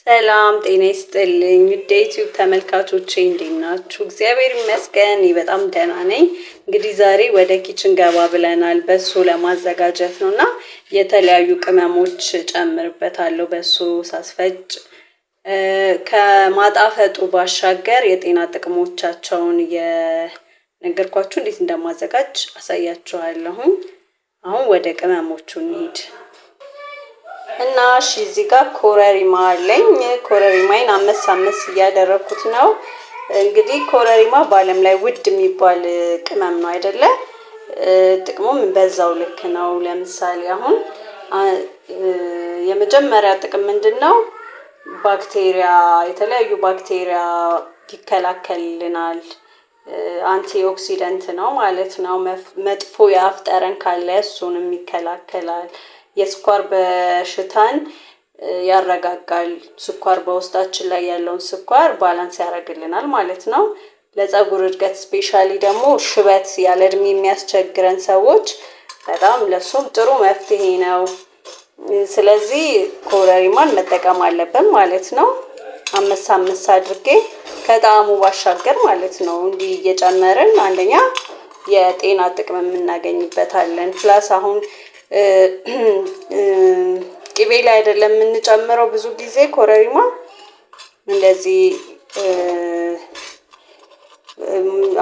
ሰላም ጤና ይስጥልኝ ውድ ዩቲዩብ ተመልካቾቼ እንዴት ናችሁ? እግዚአብሔር ይመስገን በጣም ደህና ነኝ። እንግዲህ ዛሬ ወደ ኪችን ገባ ብለናል። በሶ ለማዘጋጀት ነው እና የተለያዩ ቅመሞች ጨምርበታለሁ። በሶ ሳስፈጭ ከማጣፈጡ ባሻገር የጤና ጥቅሞቻቸውን የነገርኳችሁ እንዴት እንደማዘጋጅ አሳያችኋለሁኝ። አሁን ወደ ቅመሞቹ እንሂድ። እና እሺ እዚህ ጋር ኮረሪማ አለኝ። ኮረሪማይን አመስ አመስ እያደረኩት ነው። እንግዲህ ኮረሪማ በዓለም ላይ ውድ የሚባል ቅመም ነው አይደለ? ጥቅሙም በዛው ልክ ነው። ለምሳሌ አሁን የመጀመሪያ ጥቅም ምንድን ነው? ባክቴሪያ፣ የተለያዩ ባክቴሪያ ይከላከልልናል። አንቲ ኦክሲደንት ነው ማለት ነው። መጥፎ የአፍ ካለ እሱንም ይከላከላል። የስኳር በሽታን ያረጋጋል። ስኳር በውስጣችን ላይ ያለውን ስኳር ባላንስ ያደርግልናል ማለት ነው። ለፀጉር እድገት ስፔሻሊ ደግሞ ሽበት ያለ እድሜ የሚያስቸግረን ሰዎች በጣም ለሱም ጥሩ መፍትሄ ነው። ስለዚህ ኮረሪማን መጠቀም አለብን ማለት ነው። አምስት አምስት አድርጌ ከጣዕሙ ባሻገር ማለት ነው እንዲህ እየጨመርን አንደኛ የጤና ጥቅም የምናገኝበታለን ፕላስ አሁን ቅቤ ላይ አይደለም የምንጨምረው ብዙ ጊዜ ኮረሪማ እንደዚህ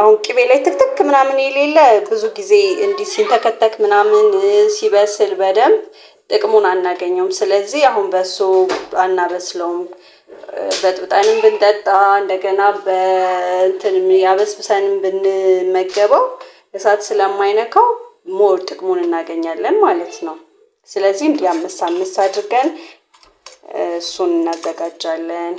አሁን ቅቤ ላይ ትክትክ ምናምን የሌለ ብዙ ጊዜ እንዲህ ሲንተከተክ ምናምን ሲበስል በደንብ ጥቅሙን አናገኘውም። ስለዚህ አሁን በሶ አናበስለውም። በጥብጣንም ብንጠጣ እንደገና በእንትን ያበስብሰንም ብንመገበው እሳት ስለማይነካው ሞር ጥቅሙን እናገኛለን ማለት ነው። ስለዚህ እንዲህ አምስት አምስት አድርገን እሱን እናዘጋጃለን።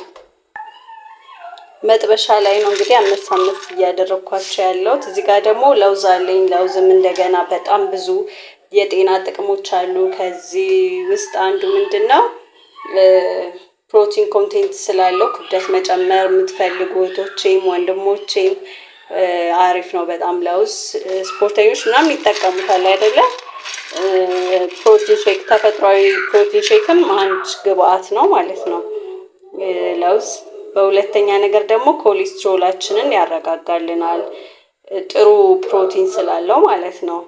መጥበሻ ላይ ነው እንግዲህ አምስት አምስት እያደረግኳቸው ያለሁት። እዚህ ጋር ደግሞ ለውዝ አለኝ። ለውዝም እንደገና በጣም ብዙ የጤና ጥቅሞች አሉ። ከዚህ ውስጥ አንዱ ምንድን ነው? ፕሮቲን ኮንቴንት ስላለው ክብደት መጨመር የምትፈልጉ እህቶቼም ወንድሞቼም አሪፍ ነው በጣም ለውዝ ስፖርተኞች ምናምን ይጠቀሙታል አይደለ? ፕሮቲን ሼክ ተፈጥሯዊ ፕሮቲን ሼክም አንድ ግብአት ነው ማለት ነው ለውዝ። በሁለተኛ ነገር ደግሞ ኮሌስትሮላችንን ያረጋጋልናል ጥሩ ፕሮቲን ስላለው ማለት ነው።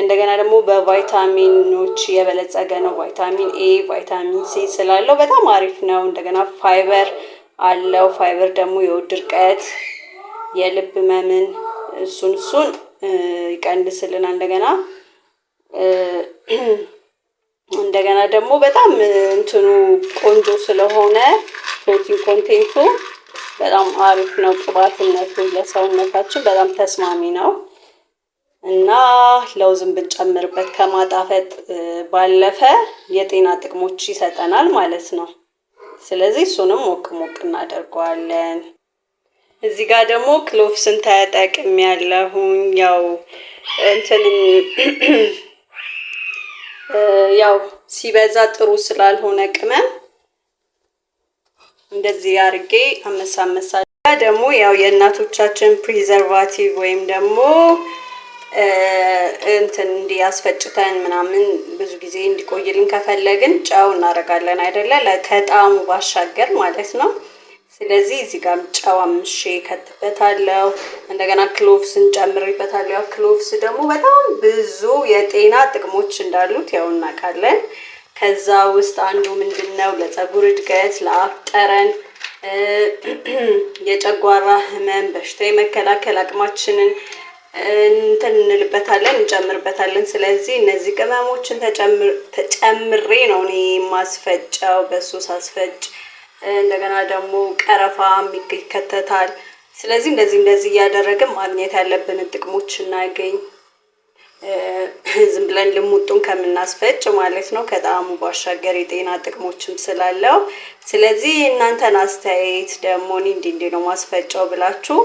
እንደገና ደግሞ በቫይታሚኖች የበለጸገ ነው። ቫይታሚን ኤ፣ ቫይታሚን ሲ ስላለው በጣም አሪፍ ነው። እንደገና ፋይበር አለው። ፋይበር ደግሞ የውድ ድርቀት የልብ መምን እሱን እሱን ይቀንስልናል። እንደገና እንደገና ደግሞ በጣም እንትኑ ቆንጆ ስለሆነ ፕሮቲን ኮንቴንቱ በጣም አሪፍ ነው። ቅባትነቱ ለሰውነታችን በጣም ተስማሚ ነው እና ለውዝን ብንጨምርበት ከማጣፈጥ ባለፈ የጤና ጥቅሞች ይሰጠናል ማለት ነው። ስለዚህ እሱንም ሞቅ ሞቅ እናደርገዋለን። እዚህ ጋር ደግሞ ክሎፍስን ተጠቅም ያለሁኝ ያው እንትን ያው ሲበዛ ጥሩ ስላልሆነ ቅመም እንደዚህ አድርጌ አመሳመሳ ደግሞ ያው የእናቶቻችን ፕሪዘርቫቲቭ ወይም ደግሞ እንትን እንዲያስፈጭተን ምናምን ብዙ ጊዜ እንዲቆይልን ከፈለግን ጨው እናደርጋለን አይደለ? ከጣዕሙ ባሻገር ማለት ነው። ስለዚህ እዚህ ጋር ጨዋምሼ ከትበታለሁ። እንደገና ክሎቭስ እንጨምርበታለሁ። ያው ክሎቭስ ደግሞ በጣም ብዙ የጤና ጥቅሞች እንዳሉት ያው እናውቃለን። ከዛ ውስጥ አንዱ ምንድን ነው? ለፀጉር እድገት፣ ለአፍ ጠረን፣ የጨጓራ ህመም በሽታ የመከላከል አቅማችንን እንትን እንልበታለን እንጨምርበታለን። ስለዚህ እነዚህ ቅመሞችን ተጨምሬ ነው እኔ የማስፈጨው በሶ ሳስፈጭ እንደገና ደግሞ ቀረፋ ይከተታል። ስለዚህ እንደዚህ እንደዚህ እያደረግን ማግኘት ያለብን ጥቅሞች እናገኝ። ዝም ብለን ልሙጡን ከምናስፈጭ ማለት ነው። ከጣዕሙ ባሻገር የጤና ጥቅሞችም ስላለው ስለዚህ እናንተን አስተያየት ደግሞ እኔ እንዲህ እንዲህ ነው ማስፈጫው ብላችሁ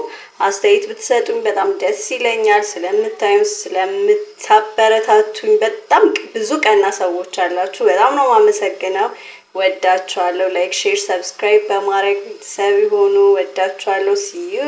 አስተያየት ብትሰጡኝ በጣም ደስ ይለኛል። ስለምታዩ ስለምታበረታቱኝ በጣም ብዙ ቀና ሰዎች አላችሁ። በጣም ነው ማመሰግነው። ወዳችኋለሁ። ላይክ፣ ሼር፣ ሰብስክራይብ በማድረግ ቤተሰብ ሆኑ። ወዳችኋለሁ። ሲዩ